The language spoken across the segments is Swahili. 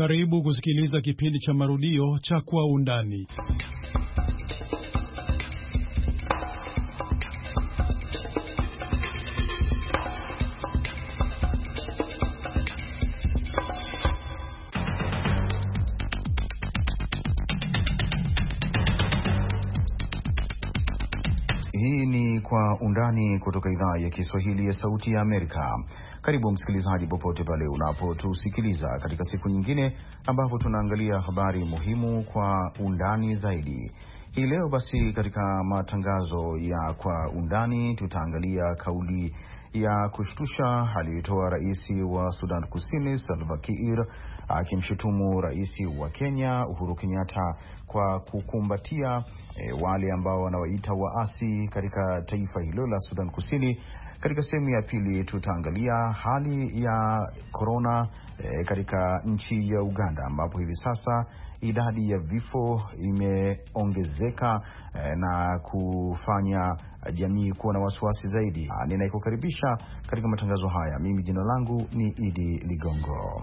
Karibu kusikiliza kipindi cha marudio cha Kwa Undani. Hii ni Kwa Undani kutoka idhaa ya Kiswahili ya Sauti ya Amerika. Karibu msikilizaji, popote pale unapotusikiliza katika siku nyingine ambapo tunaangalia habari muhimu kwa undani zaidi. Hii leo basi, katika matangazo ya kwa undani, tutaangalia kauli ya kushtusha aliyotoa rais wa Sudan Kusini Salva Kiir akimshutumu rais wa Kenya Uhuru Kenyatta kwa kukumbatia e, wale ambao wanawaita waasi katika taifa hilo la Sudan Kusini katika sehemu ya pili tutaangalia hali ya korona e, eh, katika nchi ya Uganda ambapo hivi sasa idadi ya vifo imeongezeka e, na kufanya jamii kuwa na wasiwasi zaidi. Ah, ninaikukaribisha katika matangazo haya, mimi jina langu ni Idi Ligongo.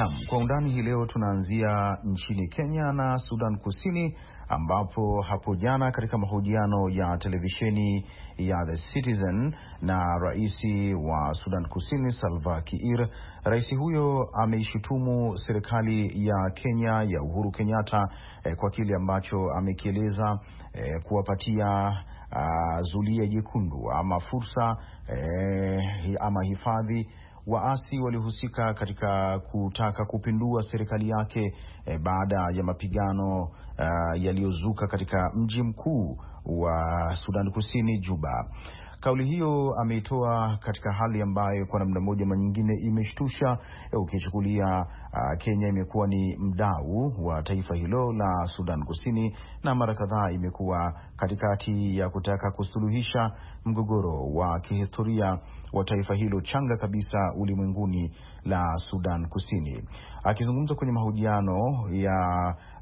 Naam, kwa undani hii leo tunaanzia nchini Kenya na Sudan Kusini ambapo hapo jana katika mahojiano ya televisheni ya The Citizen na rais wa Sudan Kusini Salva Kiir, rais huyo ameishutumu serikali ya Kenya ya Uhuru Kenyatta eh, kwa kile ambacho amekieleza eh, kuwapatia uh, zulia jekundu ama fursa eh, ama hifadhi waasi walihusika katika kutaka kupindua serikali yake e, baada ya mapigano eh, yaliyozuka katika mji mkuu wa Sudan Kusini, Juba. Kauli hiyo ameitoa katika hali ambayo kwa namna moja ama nyingine imeshtusha, eh, ukichukulia ah, Kenya imekuwa ni mdau wa taifa hilo la Sudan Kusini na mara kadhaa imekuwa katikati ya kutaka kusuluhisha mgogoro wa kihistoria wa taifa hilo changa kabisa ulimwenguni la Sudan Kusini. Akizungumza kwenye mahojiano ya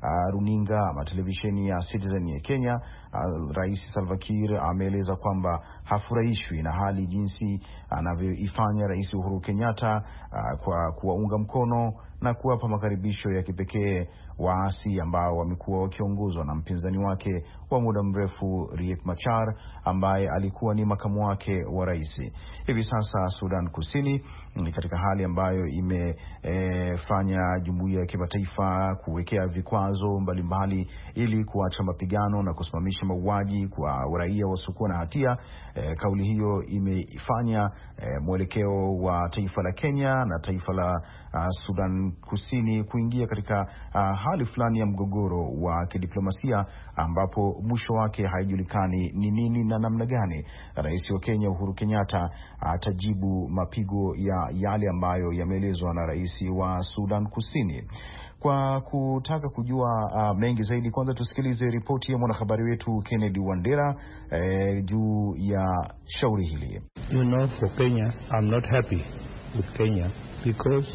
uh, runinga ama televisheni ya Citizen ya Kenya, uh, Rais Salva Kiir ameeleza kwamba hafurahishwi na hali jinsi anavyoifanya Rais Uhuru Kenyatta uh, kwa kuwaunga mkono na kuwapa makaribisho ya kipekee waasi ambao wamekuwa wakiongozwa na mpinzani wake wa muda mrefu Riek Machar ambaye alikuwa ni makamu wake wa rais. Hivi sasa Sudan Kusini katika hali ambayo imefanya e, jumuiya ya kimataifa kuwekea vikwazo mbalimbali ili kuacha mapigano na kusimamisha mauaji kwa raia wasiokuwa na hatia. E, kauli hiyo imefanya e, mwelekeo wa taifa la Kenya na taifa la a, Sudan Kusini kuingia katika a, hali fulani ya mgogoro wa kidiplomasia ambapo mwisho wake haijulikani ni nini na namna gani rais wa Kenya Uhuru Kenyatta atajibu mapigo ya yale ambayo yameelezwa na rais wa Sudan Kusini. Kwa kutaka kujua uh, mengi zaidi, kwanza tusikilize ripoti ya mwanahabari wetu Kennedy Wandera eh, juu ya shauri hili. You know, for Kenya, I'm not happy with Kenya because,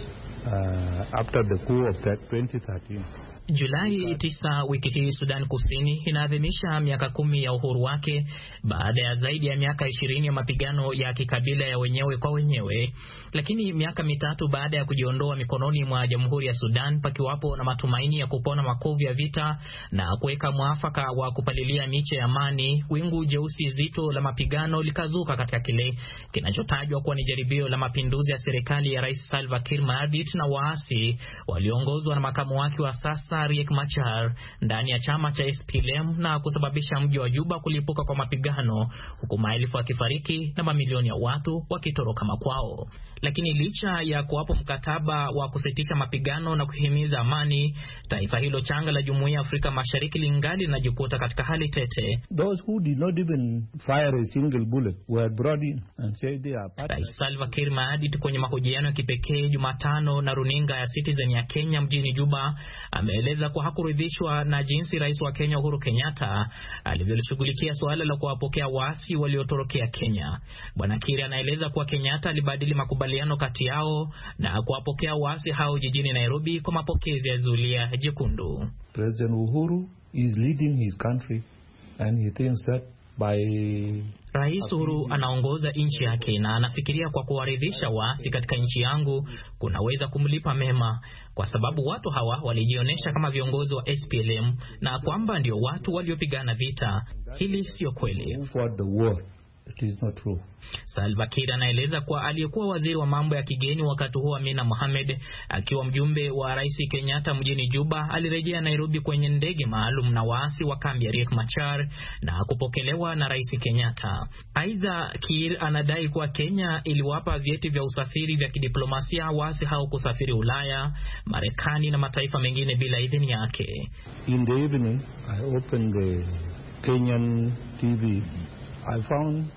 uh, after the coup of 2013 Julai tisa wiki hii Sudan Kusini inaadhimisha miaka kumi ya uhuru wake baada ya zaidi ya miaka ishirini ya mapigano ya kikabila ya wenyewe kwa wenyewe, lakini miaka mitatu baada ya kujiondoa mikononi mwa jamhuri ya Sudan, pakiwapo na matumaini ya kupona makovu ya vita na kuweka mwafaka wa kupalilia miche ya amani, wingu jeusi zito la mapigano likazuka katika kile kinachotajwa kuwa ni jaribio la mapinduzi ya serikali ya Rais Salva Kiir Mayardit na waasi walioongozwa na makamu wake wa sasa Riek Machar ndani ya chama cha SPLM na kusababisha mji wa Juba kulipuka kwa mapigano huku maelfu wakifariki na mamilioni ya watu wakitoroka makwao. Lakini licha ya kuwapo mkataba wa kusitisha mapigano na kuhimiza amani, taifa hilo changa la Jumuiya ya Afrika Mashariki lingali linajikuta katika hali tete. Rais Salva Kiir Mayardit kwenye mahojiano ya kipekee Jumatano na runinga ya Citizen ya Kenya mjini Juba ameeleza kuwa hakuridhishwa na jinsi rais wa Kenya Uhuru Kenyatta alivyolishughulikia suala la kuwapokea waasi waliotorokea Kenya. Bwana Kiir anaeleza kuwa Kenyatta alibadili makubali makubaliano kati yao na kuwapokea waasi hao jijini Nairobi kwa mapokezi ya zulia jekundu. President Uhuru is leading his country and he thinks that by Rais Uhuru anaongoza nchi yake na anafikiria kwa kuwaridhisha waasi katika nchi yangu kunaweza kumlipa mema, kwa sababu watu hawa walijionyesha kama viongozi wa SPLM na kwamba ndio watu waliopigana vita. Hili siyo kweli. Salva Kiir anaeleza kuwa aliyekuwa waziri wa mambo ya kigeni wakati huo Amina Mohamed akiwa mjumbe wa Rais Kenyatta mjini Juba alirejea Nairobi kwenye ndege maalum na waasi wa kambi ya Riek Machar na kupokelewa na Rais Kenyatta. Aidha, Kiir anadai kuwa Kenya iliwapa vyeti vya usafiri vya kidiplomasia waasi hao kusafiri Ulaya, Marekani na mataifa mengine bila idhini yake. In the evening, I opened the Kenyan TV. I found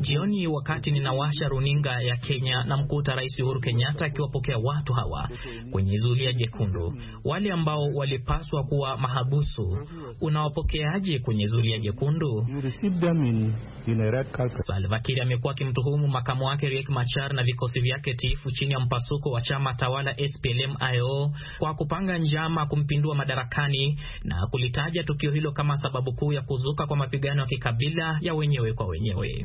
Jioni wakati ninawasha runinga ya Kenya na mkuta Rais Uhuru Kenyatta akiwapokea watu hawa kwenye zulia jekundu, wale ambao walipaswa kuwa mahabusu. Unawapokeaje kwenye zulia jekundu? Salva Kiir amekuwa akimtuhumu makamu wake Riek Machar na vikosi vyake tiifu chini ya mpasuko wa chama tawala SPLM-IO kwa kupanga njama kumpindua madarakani na kulitaja tukio hilo kama sababu kuu ya kuzuka kwa mapigano ya kikabila ya wenyewe kwa wenyewe.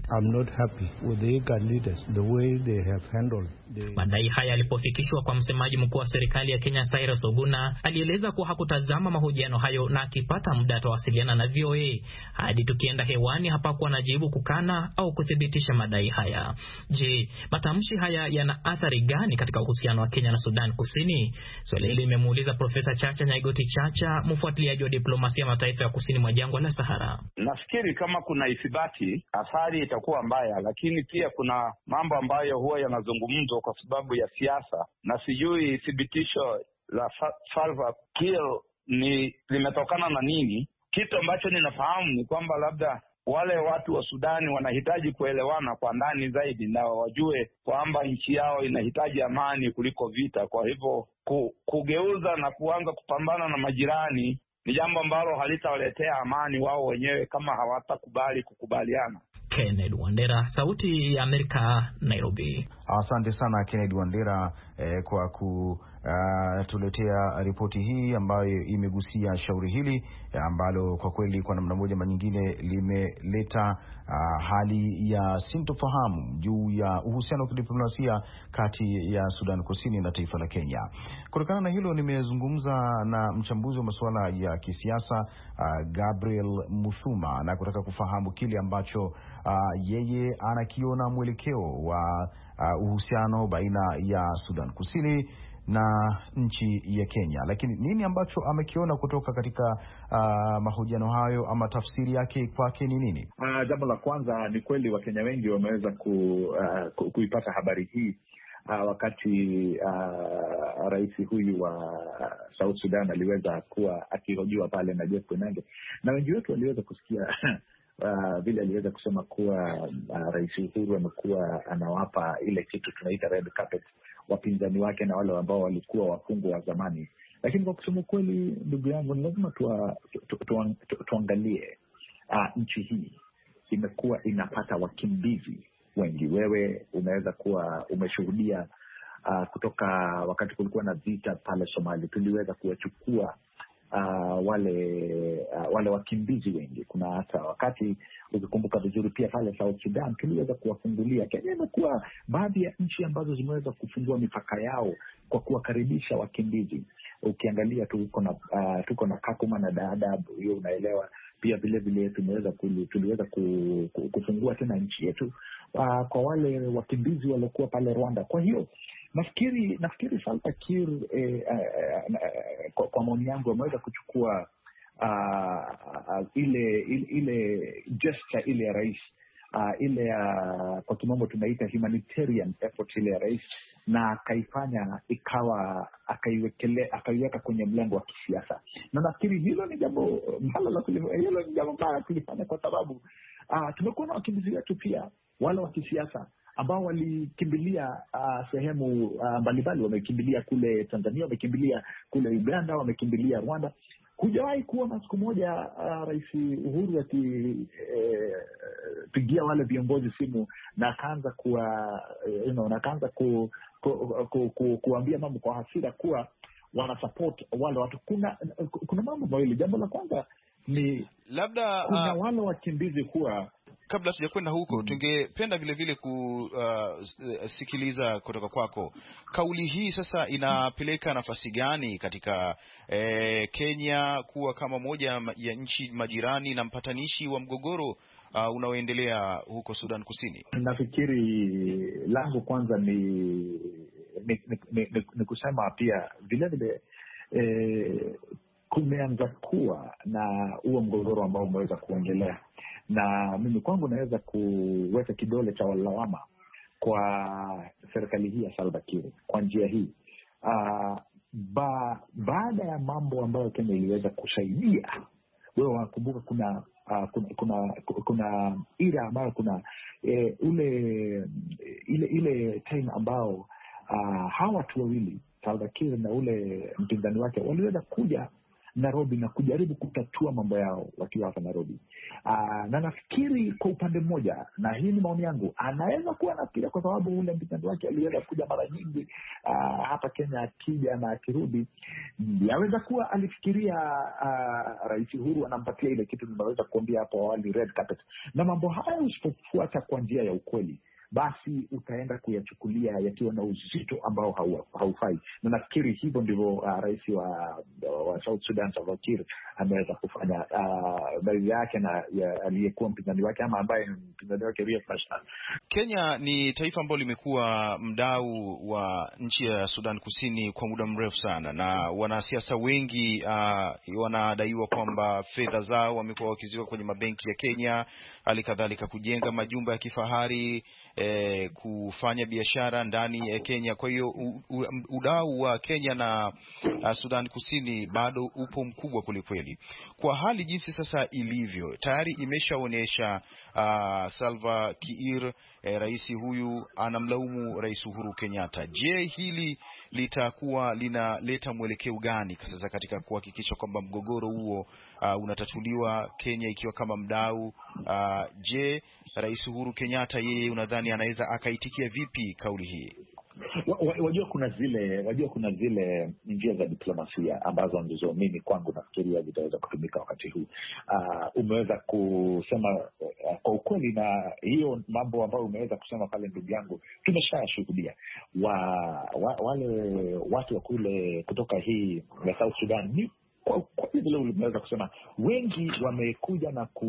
Madai haya yalipofikishwa kwa msemaji mkuu wa serikali ya Kenya Cyrus Oguna, alieleza kuwa hakutazama mahojiano hayo na akipata muda atawasiliana na VOA. Hadi tukienda hewani, hapakuwa na jibu kukana au kuthibitisha madai haya. Je, matamshi haya yana athari gani katika uhusiano wa Kenya na Sudan Kusini? Swali hili limemuuliza Profesa Chacha Nyaigoti Chacha, mfuatiliaji wa diplomasia mataifa ya kusini mwa jangwa la Sahara. Nafikiri kama kuna ithibati athari itakuwa mbaya, lakini pia kuna mambo ambayo huwa yanazungumzwa kwa sababu ya siasa, na sijui thibitisho la Salva Kiir ni limetokana na nini. Kitu ambacho ninafahamu ni kwamba labda wale watu wa Sudani wanahitaji kuelewana kwa ndani zaidi, na wajue kwamba nchi yao inahitaji amani kuliko vita. Kwa hivyo ku, kugeuza na kuanza kupambana na majirani ni jambo ambalo halitawaletea amani wao wenyewe kama hawatakubali kukubaliana. Kennedy Wandera, Sauti ya Amerika, Nairobi. Asante sana Kennedy Wandera eh, kwa kutuletea ah, ripoti hii ambayo imegusia shauri hili ambalo kwa kweli kwa namna moja manyingine limeleta uh, hali ya sintofahamu juu ya uhusiano wa kidiplomasia kati ya Sudan Kusini na taifa la Kenya. Kutokana na hilo, nimezungumza na mchambuzi wa masuala ya kisiasa uh, Gabriel Muthuma na kutaka kufahamu kile ambacho uh, yeye anakiona mwelekeo wa Uh, uhusiano baina ya Sudan Kusini na nchi ya Kenya. Lakini nini ambacho amekiona kutoka katika uh, mahojiano hayo ama tafsiri yake kwake ni nini? Uh, jambo la kwanza ni kweli Wakenya wengi wameweza ku, uh, ku, kuipata habari hii uh, wakati uh, rais huyu wa South Sudan aliweza kuwa akihojiwa pale na Jeff Koinange, na wengi wetu waliweza kusikia uh, vile aliweza kusema kuwa uh, Rais Uhuru amekuwa anawapa ile kitu tunaita red carpet wapinzani wake na wale ambao walikuwa wafungwa wa zamani. Lakini kwa kusema kweli, ndugu yangu, ni lazima tuangalie uh, nchi hii imekuwa inapata wakimbizi wengi. Wewe unaweza kuwa umeshuhudia uh, kutoka wakati kulikuwa na vita pale Somali, tuliweza kuwachukua uh, wale uh, wale wakimbizi wengi. Kuna hata wakati ukikumbuka vizuri pia pale South Sudan tuliweza kuwafungulia. Kenya imekuwa baadhi ya nchi ambazo zimeweza kufungua mipaka yao kwa kuwakaribisha wakimbizi. Ukiangalia tuko na uh, tuko na Kakuma na Dadaab, hiyo unaelewa pia vilevile tumeweza tuliweza kufungua tena nchi yetu uh, kwa wale wakimbizi waliokuwa pale Rwanda. Kwa hiyo Nafikiri nafikiri Salva Kiir eh, eh, eh, kwa, kwa maoni yangu ameweza kuchukua uh, ile ile gesture ile ya rais uh, ile ya uh, kwa kimombo tunaita humanitarian effort ile ya rais, na akaifanya ikawa akaiweka kwenye mlengo wa kisiasa, na nafikiri hilo ni jambo mbalo hilo ni jambo mbaya kulifanya, kwa sababu uh, tumekuwa na wakimbizi wetu pia wale wa kisiasa ambao walikimbilia uh, sehemu uh, mbalimbali. Wamekimbilia kule Tanzania, wamekimbilia kule Uganda, wamekimbilia Rwanda. Hujawahi kuona siku moja uh, Rais Uhuru akipigia eh, wale viongozi simu na akaanza kuwa eh, you know, na akaanza ku, ku, ku, ku, ku, kuambia mambo kwa hasira kuwa wanasupport wale watu. Kuna kuna mambo mawili. Jambo la kwanza ni labda kuna uh, wale wakimbizi kuwa kabla tujakwenda huko mm. tungependa vile vile kusikiliza ah, eh, kutoka kwako kauli hii sasa inapeleka nafasi gani katika eh, Kenya kuwa kama moja ya nchi majirani na mpatanishi wa mgogoro uh, unaoendelea huko Sudan Kusini? Nafikiri langu kwanza ni, ni, ni, ni, ni, ni kusema pia vilevile eh, kumeanza kuwa na huo mgogoro ambao umeweza kuendelea, na mimi kwangu naweza kuweka kidole cha walawama kwa serikali hii ya Salva Kiir kwa njia hii uh, ba, baada ya mambo ambayo Kenya iliweza kusaidia, wewe wakumbuka kuna uh, kuna kuna kuna ira ambayo kuna eh, ule ile ile time ambao uh, hawa watu wawili Salva Kiir na ule mpinzani wake waliweza kuja Nairobi na kujaribu kutatua mambo yao wakiwa hapa Nairobi. Aa, ah, na nafikiri kwa upande mmoja, na hii ni maoni yangu, anaweza kuwa nafikiria kwa sababu ule mpinzani wake aliweza kuja mara nyingi ah, hapa Kenya akija na akirudi, yaweza kuwa alifikiria ah, Rais Uhuru anampatia ile kitu ninaweza kuambia hapo awali, red carpet na mambo haya, usipofuata kwa njia ya ukweli basi utaenda kuyachukulia yakiwa na uzito ambao haufai, na nafikiri hivyo ndivyo uh, rais wa, wa South Sudan Salva Kiir ameweza kufanya baadhi uh, yake na ya, aliyekuwa mpinzani wake ama ambaye ni mpinzani wake Riek Kenya ni taifa ambalo limekuwa mdau wa nchi ya Sudan Kusini kwa muda mrefu sana, na wanasiasa wengi uh, wanadaiwa kwamba fedha zao wamekuwa wakiziwa kwenye mabenki ya Kenya, hali kadhalika kujenga majumba ya kifahari e, kufanya biashara ndani ya Kenya. Kwa hiyo udau wa Kenya na a, Sudan Kusini bado upo mkubwa kwelikweli. Kwa hali jinsi sasa ilivyo, tayari imeshaonyesha ah, Salva Kiir e, rais huyu anamlaumu Rais Uhuru Kenyatta. Je, hili litakuwa linaleta mwelekeo gani sasa katika kuhakikisha kwamba mgogoro huo uh, unatatuliwa Kenya ikiwa kama mdau uh, je, Rais Uhuru Kenyatta yeye unadhani anaweza akaitikia vipi kauli hii? Wajua kuna zile wajua kuna zile njia za diplomasia ambazo ndizo mimi kwangu nafikiria zitaweza kutumika wakati huu. Uh, umeweza kusema uh, kwa ukweli, na hiyo mambo ambayo umeweza kusema pale, ndugu yangu, tumeshayashuhudia wa, wa, wale watu wa kule kutoka hii ya South Sudan ni kwa vile ulimeweza kusema wengi wamekuja na ku,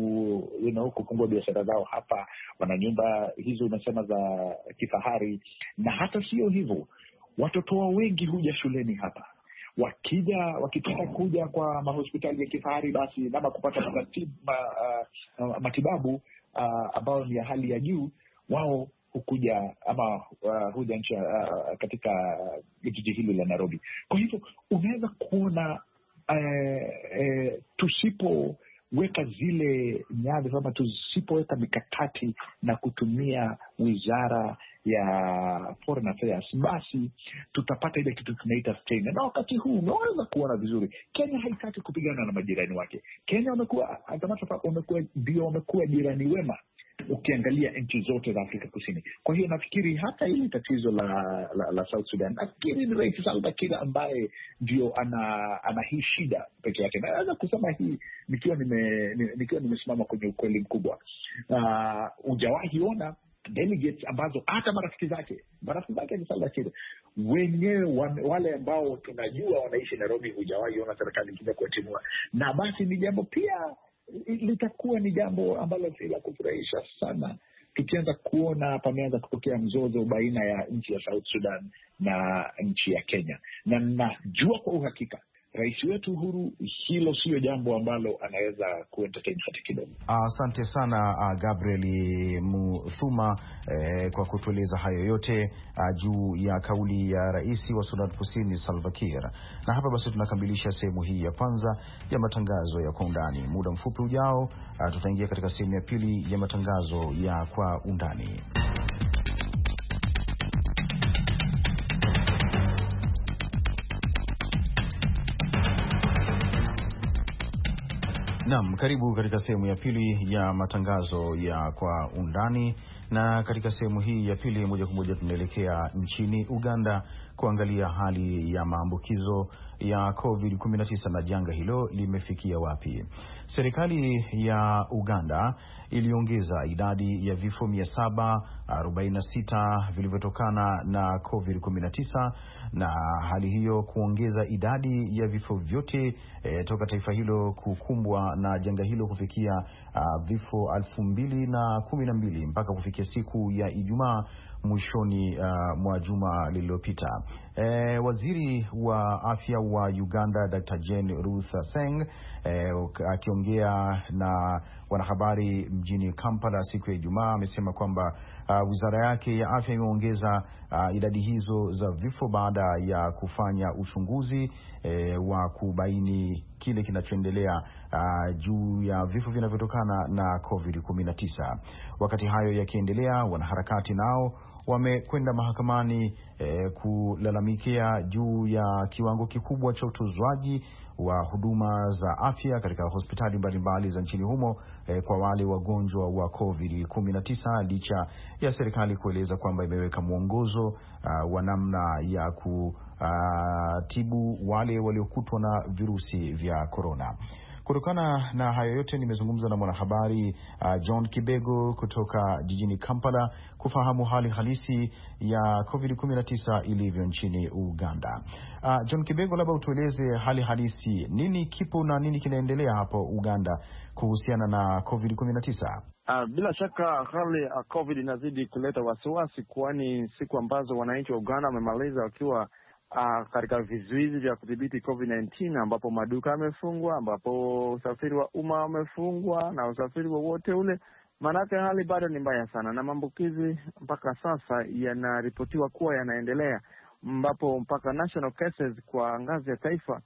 you know, kufungua biashara zao hapa, wana nyumba hizo unasema za kifahari, na hata sio hivyo, watoto wao wengi huja shuleni hapa wakija wakitaka kuja kwa mahospitali ya kifahari basi nama kupata uh, uh, matibabu uh, ambayo ni ya hali ya juu, wao hukuja ama uh, huja nchi uh, katika jiji hili la Nairobi. Kwa hivyo unaweza kuona Eh, eh, tusipoweka zile nyadhi ama tusipoweka mikakati na kutumia wizara ya foreign affairs, basi tutapata ile kitu tunaita strain. Na wakati huu unaweza kuona vizuri, Kenya haitaki kupigana na majirani wake. Kenya wamekuwa ndio wamekuwa jirani wema ukiangalia nchi zote za Afrika Kusini. Kwa hiyo nafikiri hata hili tatizo la, la, la South Sudan, nafikiri ni Rais Salva Kiir ambaye ndio ana, ana hii shida peke yake. Naweza kusema hii nikiwa nimesimama nime, nikiwa nime kwenye ukweli mkubwa. Uh, ujawahi ona delegates ambazo hata marafiki zake marafiki zake ni Salva Kiir wenyewe wale ambao tunajua wanaishi Nairobi, hujawahi ona serikali ingine kuwatimua, na basi ni jambo pia litakuwa ni jambo ambalo si la kufurahisha sana tukianza kuona pameanza kutokea mzozo baina ya nchi ya South Sudan na nchi ya Kenya, na najua kwa uhakika rais wetu Uhuru, hilo siyo jambo ambalo anaweza kuentertain hata kidogo. Asante sana ah, Gabriel Muthuma eh, kwa kutueleza hayo yote uh, juu ya kauli ya rais wa Sudan Kusini Salva Kiir. Na hapa basi tunakamilisha sehemu hii ya kwanza ya matangazo ya kwa undani. Muda mfupi ujao, uh, tutaingia katika sehemu ya pili ya matangazo ya kwa undani. Naam, karibu katika sehemu ya pili ya matangazo ya kwa undani, na katika sehemu hii ya pili moja kwa moja tunaelekea nchini Uganda kuangalia hali ya maambukizo ya COVID-19 na janga hilo limefikia wapi. Serikali ya Uganda iliongeza idadi ya vifo 746 vilivyotokana na COVID-19 na hali hiyo kuongeza idadi ya vifo vyote e, toka taifa hilo kukumbwa na janga hilo kufikia a, ah, vifo 2012 mpaka kufikia siku ya Ijumaa mwishoni uh, mwa juma lililopita. E, waziri wa afya wa Uganda Dr. Jane Ruth Aceng e, eh, akiongea na wanahabari mjini Kampala siku ya Ijumaa amesema kwamba uh, wizara yake ya afya imeongeza uh, idadi hizo za vifo baada ya kufanya uchunguzi e, wa kubaini kile kinachoendelea uh, juu ya vifo vinavyotokana na COVID-19. Wakati hayo yakiendelea, wanaharakati nao wamekwenda mahakamani e, kulalamikia juu ya kiwango kikubwa cha utozwaji wa huduma za afya katika hospitali mbalimbali za nchini humo e, kwa wale wagonjwa wa COVID 19 licha ya serikali kueleza kwamba imeweka mwongozo ah, wa namna ya kutibu ah, wale waliokutwa na virusi vya korona. Kutokana na hayo yote, nimezungumza na mwanahabari uh, John Kibego kutoka jijini Kampala kufahamu hali halisi ya COVID-19 ilivyo nchini Uganda. Uh, John Kibego, labda utueleze hali halisi, nini kipo na nini kinaendelea hapo Uganda kuhusiana na COVID-19? Uh, bila shaka hali ya COVID inazidi kuleta wasiwasi, kwani siku ambazo wananchi wa Uganda wamemaliza wakiwa uh, katika vizuizi vya kudhibiti COVID-19 ambapo maduka yamefungwa, ambapo usafiri wa umma umefungwa na usafiri wowote ule, maanake hali bado ni mbaya sana, na maambukizi mpaka sasa yanaripotiwa kuwa yanaendelea, ambapo mpaka national cases kwa ngazi ya taifa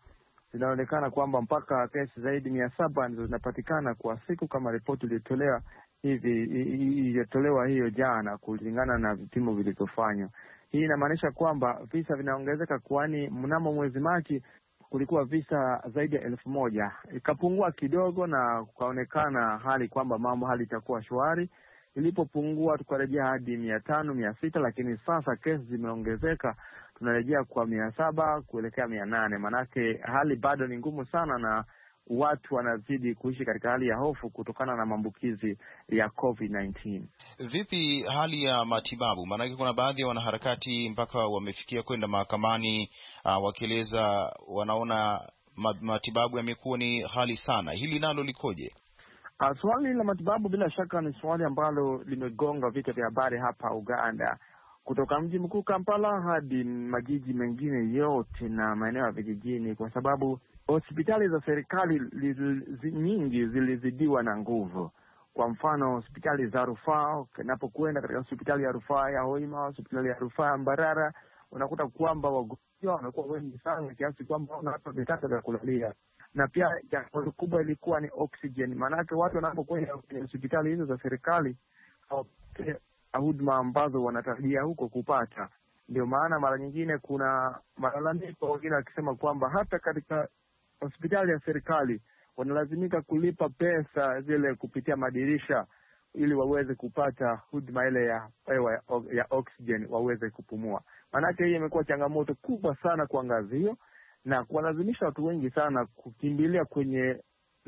zinaonekana kwamba mpaka kesi zaidi mia saba ndizo zinapatikana kwa siku kama ripoti iliyotolewa hivi iliyotolewa hiyo jana kulingana na vipimo vilivyofanywa. Hii inamaanisha kwamba visa vinaongezeka, kwani mnamo mwezi Machi kulikuwa visa zaidi ya elfu moja ikapungua kidogo, na kukaonekana hali kwamba mambo hali itakuwa shwari. Ilipopungua tukarejea hadi mia tano mia sita lakini sasa kesi zimeongezeka, tunarejea kwa mia saba kuelekea mia nane Maanake hali bado ni ngumu sana na watu wanazidi kuishi katika hali ya hofu kutokana na maambukizi ya COVID-19. Vipi hali ya matibabu? Maanake kuna baadhi ya wanaharakati mpaka wamefikia kwenda mahakamani, uh, wakieleza wanaona matibabu yamekuwa ni hali sana. Hili nalo likoje? Uh, swali la matibabu bila shaka ni swali ambalo limegonga vichwa vya habari hapa Uganda, kutoka mji mkuu Kampala hadi majiji mengine yote na maeneo ya vijijini, kwa sababu Hospitali za serikali nyingi zilizidiwa na nguvu. Kwa mfano hospitali za rufaa, unapokwenda katika hospitali ya rufaa ya Hoima, hospitali ya rufaa ya Mbarara, unakuta kwamba wagonjwa wamekuwa wengi sana kiasi kwamba una watu vitanda vya kulalia, na pia jambo kubwa ilikuwa ni oksijeni. Maanake watu wanapokwenda kwenye hospitali hizo za serikali hawapate huduma ambazo wanatarajia huko kupata. Ndio maana mara nyingine kuna malalamiko, wengine wakisema kwamba hata katika hospitali ya serikali wanalazimika kulipa pesa zile kupitia madirisha ili waweze kupata huduma ile ya hewa ya, ya oxygen waweze kupumua. Maanake hii imekuwa changamoto kubwa sana kwa ngazi hiyo na kuwalazimisha watu wengi sana kukimbilia kwenye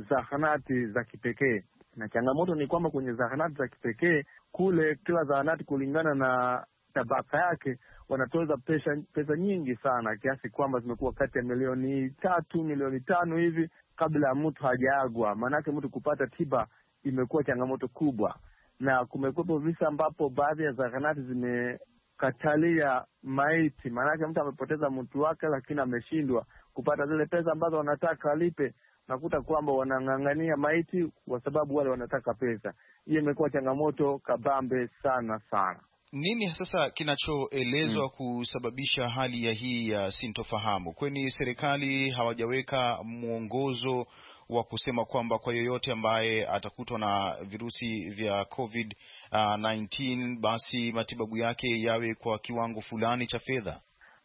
zahanati za kipekee. Na changamoto ni kwamba kwenye zahanati za kipekee kule, kila zahanati kulingana na tabaka yake wanatoza pesa, pesa nyingi sana kiasi kwamba zimekuwa kati ya milioni tatu milioni tano hivi kabla ya mtu hajaagwa. Maanake mtu kupata tiba imekuwa changamoto kubwa, na kumekuwepo visa ambapo baadhi ya zahanati zimekatalia maiti, maanake mtu amepoteza mtu wake, lakini ameshindwa kupata zile pesa ambazo wanataka alipe nakuta kwamba wanang'ang'ania maiti kwa sababu wale wanataka pesa. Hiyo imekuwa changamoto kabambe sana sana nini sasa kinachoelezwa mm, kusababisha hali ya hii ya sintofahamu? kweni serikali hawajaweka mwongozo wa kusema kwamba kwa yoyote ambaye atakutwa na virusi vya COVID 19 basi matibabu yake yawe kwa kiwango fulani cha fedha?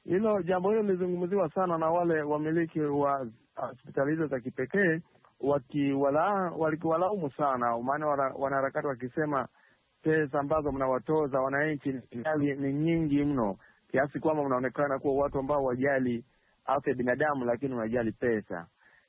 Hilo jambo hilo lilizungumziwa sana na wale wamiliki wa uh, hospitali hizo za kipekee, wakiwalaumu sana, maana wanaharakati wakisema pesa ambazo mnawatoza wananchi ni nyingi mno kiasi kwamba mnaonekana kuwa watu ambao wajali afya binadamu, lakini wanajali pesa.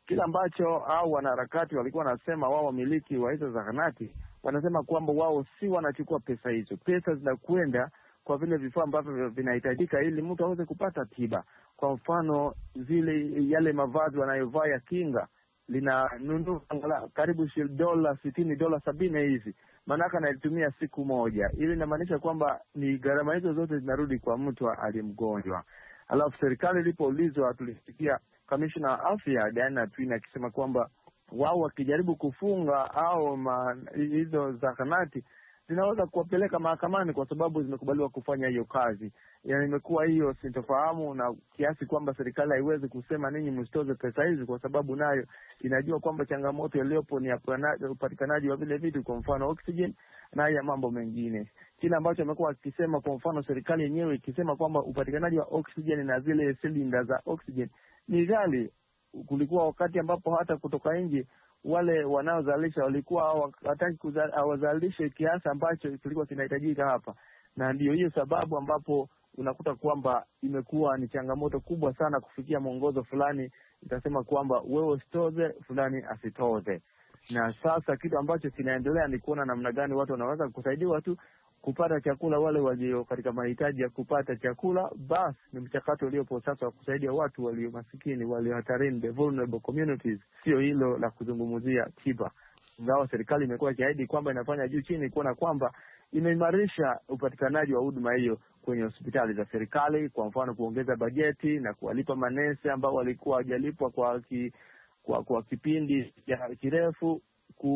Kile ambacho au wanaharakati walikuwa wanasema wao, wamiliki wa hizo zahanati wanasema kwamba wao si wanachukua pesa hizo, pesa zinakwenda kwa vile vifaa ambavyo vinahitajika ili mtu aweze kupata tiba, kwa mfano zile yale mavazi wanayovaa ya kinga linanunua angalau karibu dola sitini dola sabini hivi, maanake anaitumia siku moja. ili inamaanisha kwamba ni gharama hizo zote zinarudi kwa mtu aliyemgonjwa. Alafu serikali ilipoulizwa, tulisikia kamishna wa afya Diana twin akisema kwamba wao wakijaribu kufunga au hizo zahanati zinaweza kuwapeleka mahakamani kwa sababu zimekubaliwa kufanya hiyo kazi. Yani imekuwa hiyo sintofahamu na kiasi kwamba serikali haiwezi kusema ninyi msitoze pesa hizi, kwa sababu nayo inajua kwamba changamoto iliyopo ni upatikanaji wa vile vitu, kwa mfano oxygen na haya mambo mengine. Kile ambacho amekuwa akisema, kwa mfano serikali yenyewe ikisema kwamba upatikanaji wa oxygen na zile silinda za oxygen ni ghali. Kulikuwa wakati ambapo hata kutoka nje wale wanaozalisha walikuwa hawataki hawazalishe kiasi ambacho kilikuwa kinahitajika hapa, na ndio hiyo sababu ambapo unakuta kwamba imekuwa ni changamoto kubwa sana kufikia mwongozo fulani, itasema kwamba wewe usitoze fulani asitoze. Na sasa kitu ambacho kinaendelea ni kuona namna gani watu wanaweza kusaidiwa tu kupata chakula, wale walio katika mahitaji ya kupata chakula, basi ni mchakato uliopo sasa wa kusaidia watu walio masikini, walio hatarini, the vulnerable communities, sio hilo la kuzungumzia tiba, ingawa serikali imekuwa ikiahidi kwamba inafanya juu chini kuona kwamba imeimarisha upatikanaji wa huduma hiyo kwenye hospitali za serikali, kwa mfano kuongeza bajeti na kuwalipa manesi ambao walikuwa hawajalipwa kwa, ki, kwa kwa kipindi kirefu,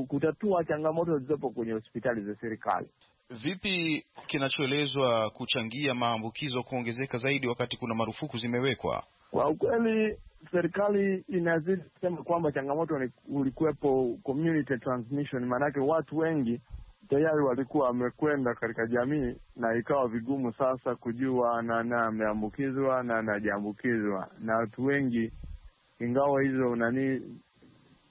kutatua changamoto zilizopo kwenye hospitali za serikali. Vipi kinachoelezwa kuchangia maambukizo kuongezeka zaidi wakati kuna marufuku zimewekwa? Kwa ukweli, serikali inazidi kusema kwamba changamoto ni ulikuwepo community transmission, maanake watu wengi tayari walikuwa wamekwenda katika jamii na ikawa vigumu sasa kujua nani ameambukizwa na nani na watu wengi, ingawa hizo nani,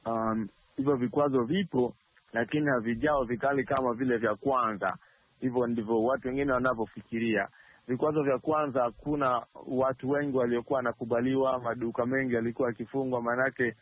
um, hivyo vikwazo vipo lakini havijao vikali kama vile vya kwanza. Hivyo ndivyo watu wengine wanavyofikiria. Vikwazo vya kwanza, hakuna watu wengi waliokuwa wanakubaliwa, maduka mengi yalikuwa yakifungwa, maanake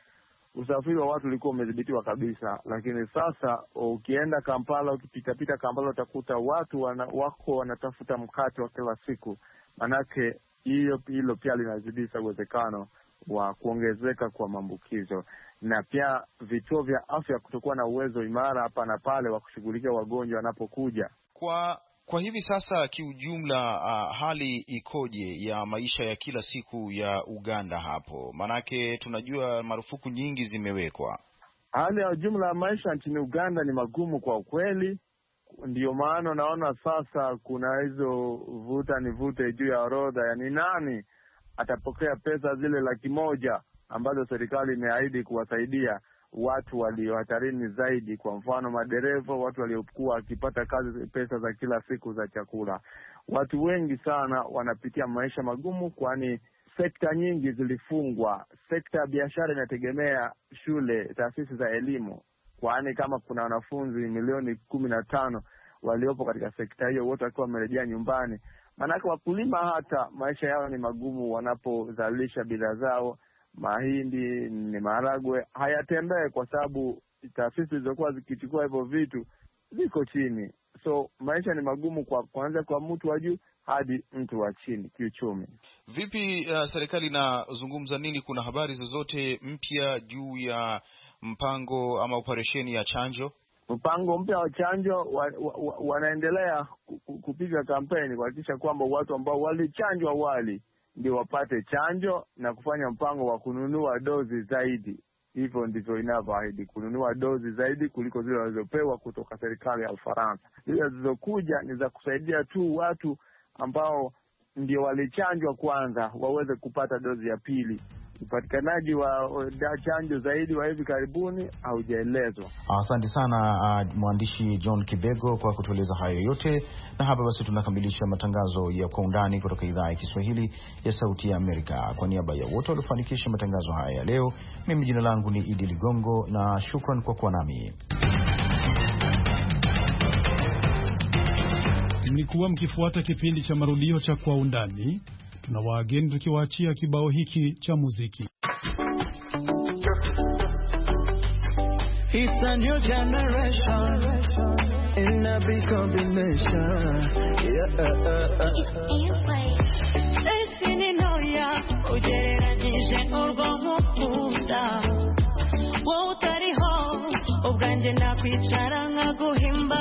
usafiri wa watu ulikuwa umedhibitiwa kabisa. Lakini sasa ukienda Kampala, ukipitapita Kampala utakuta watu wana, wako wanatafuta mkate wa kila siku, maanake hiyo hilo pia linazidisha uwezekano wa kuongezeka kwa maambukizo na pia vituo vya afya kutokuwa na uwezo imara hapa na pale wa kushughulikia wagonjwa wanapokuja. Kwa kwa hivi sasa kiujumla, uh, hali ikoje ya maisha ya kila siku ya Uganda hapo? Maanake tunajua marufuku nyingi zimewekwa. Hali ya jumla ya maisha nchini Uganda ni magumu kwa ukweli, ndiyo maana unaona sasa kuna hizo vuta nivute juu ya orodha, yani nani atapokea pesa zile laki moja ambazo serikali imeahidi kuwasaidia watu walio hatarini zaidi, kwa mfano madereva, watu waliokuwa wakipata kazi pesa za kila siku za chakula. Watu wengi sana wanapitia maisha magumu, kwani sekta nyingi zilifungwa. Sekta ya biashara inategemea shule, taasisi za elimu, kwani kama kuna wanafunzi milioni kumi na tano waliopo katika sekta hiyo, wote wakiwa wamerejea nyumbani. Maanake wakulima hata maisha yao ni magumu wanapozalisha bidhaa zao mahindi ni maharagwe hayatembee, kwa sababu taasisi zilizokuwa zikichukua hivyo vitu ziko chini. So maisha ni magumu kwa kwanza kwa mtu wa juu hadi mtu wa chini kiuchumi. Vipi uh, serikali inazungumza nini? Kuna habari zozote mpya juu ya mpango ama operesheni ya chanjo? Mpango mpya wa chanjo wa, wa, wa, wanaendelea kupiga kampeni kuhakikisha kwamba watu ambao walichanjwa awali ndio wapate chanjo na kufanya mpango wa kununua dozi zaidi. Hivyo ndivyo inavyoahidi kununua dozi zaidi kuliko zile walizopewa kutoka serikali ya Ufaransa. Zile zilizokuja ni za kusaidia tu watu ambao ndio walichanjwa kwanza waweze kupata dozi ya pili upatikanaji wa chanjo zaidi wa hivi karibuni haujaelezwa. Asante sana uh, mwandishi John Kibego kwa kutueleza hayo yote, na hapa basi tunakamilisha matangazo ya kwa undani kutoka idhaa ya Kiswahili ya Sauti ya Amerika. Kwa niaba ya wote waliofanikisha matangazo haya ya leo, mimi jina langu ni Idi Ligongo na shukran kwa kuwa nami. Mlikuwa mkifuata kipindi cha marudio cha kwa undani tuna wageni tukiwaachia kibao hiki cha muziki. It's a new generation in a big combination. Esininoya ugereranyije urwo mukunda wowe utariho ubwanjye nakwicara nkaguhimba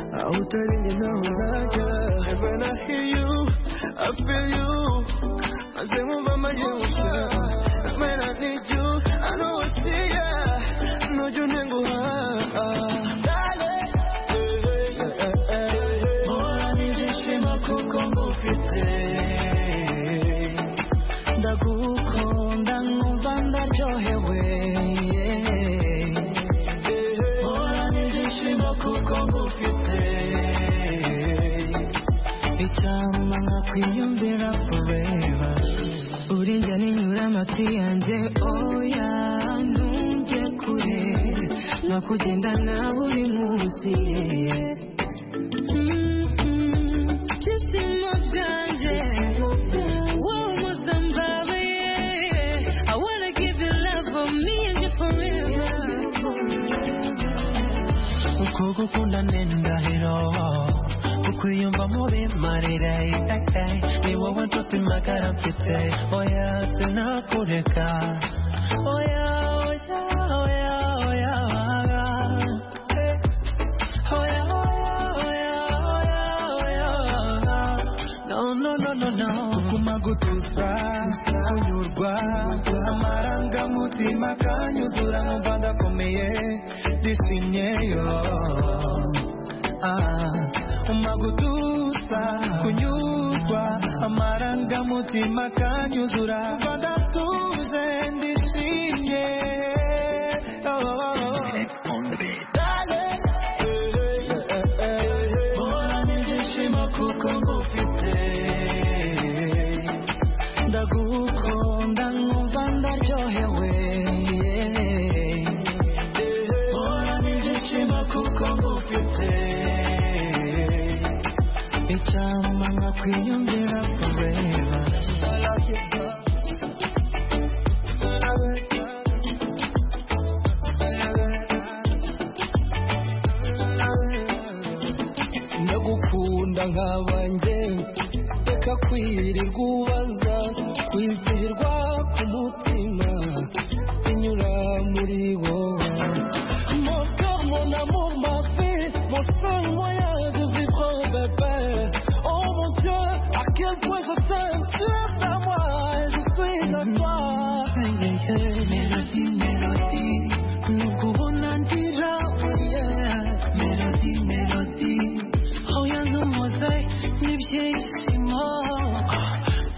How telling you now, Naka. When I hear you, I feel you. I say, Mumba, my young When I need you, I know I see ya. No, you never. kugenda munsi mm-hmm. i wanna give you love for me and you forever nendahiro magara mfite oya sinakureka oya amarangamutima akanyuzura numva ndakomeye disinyeyo ah, umagutusa kunyurwa amarangamutima akanyuzura numva ndatuze ndishimye oh, oh, oh,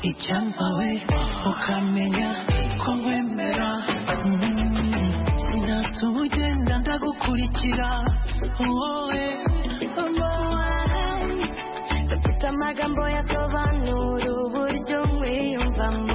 icyambawe ukamenya ko wemera sinatse ugenda ndagukurikira wowe amagambo yasobanura uburyo mwiyumvamo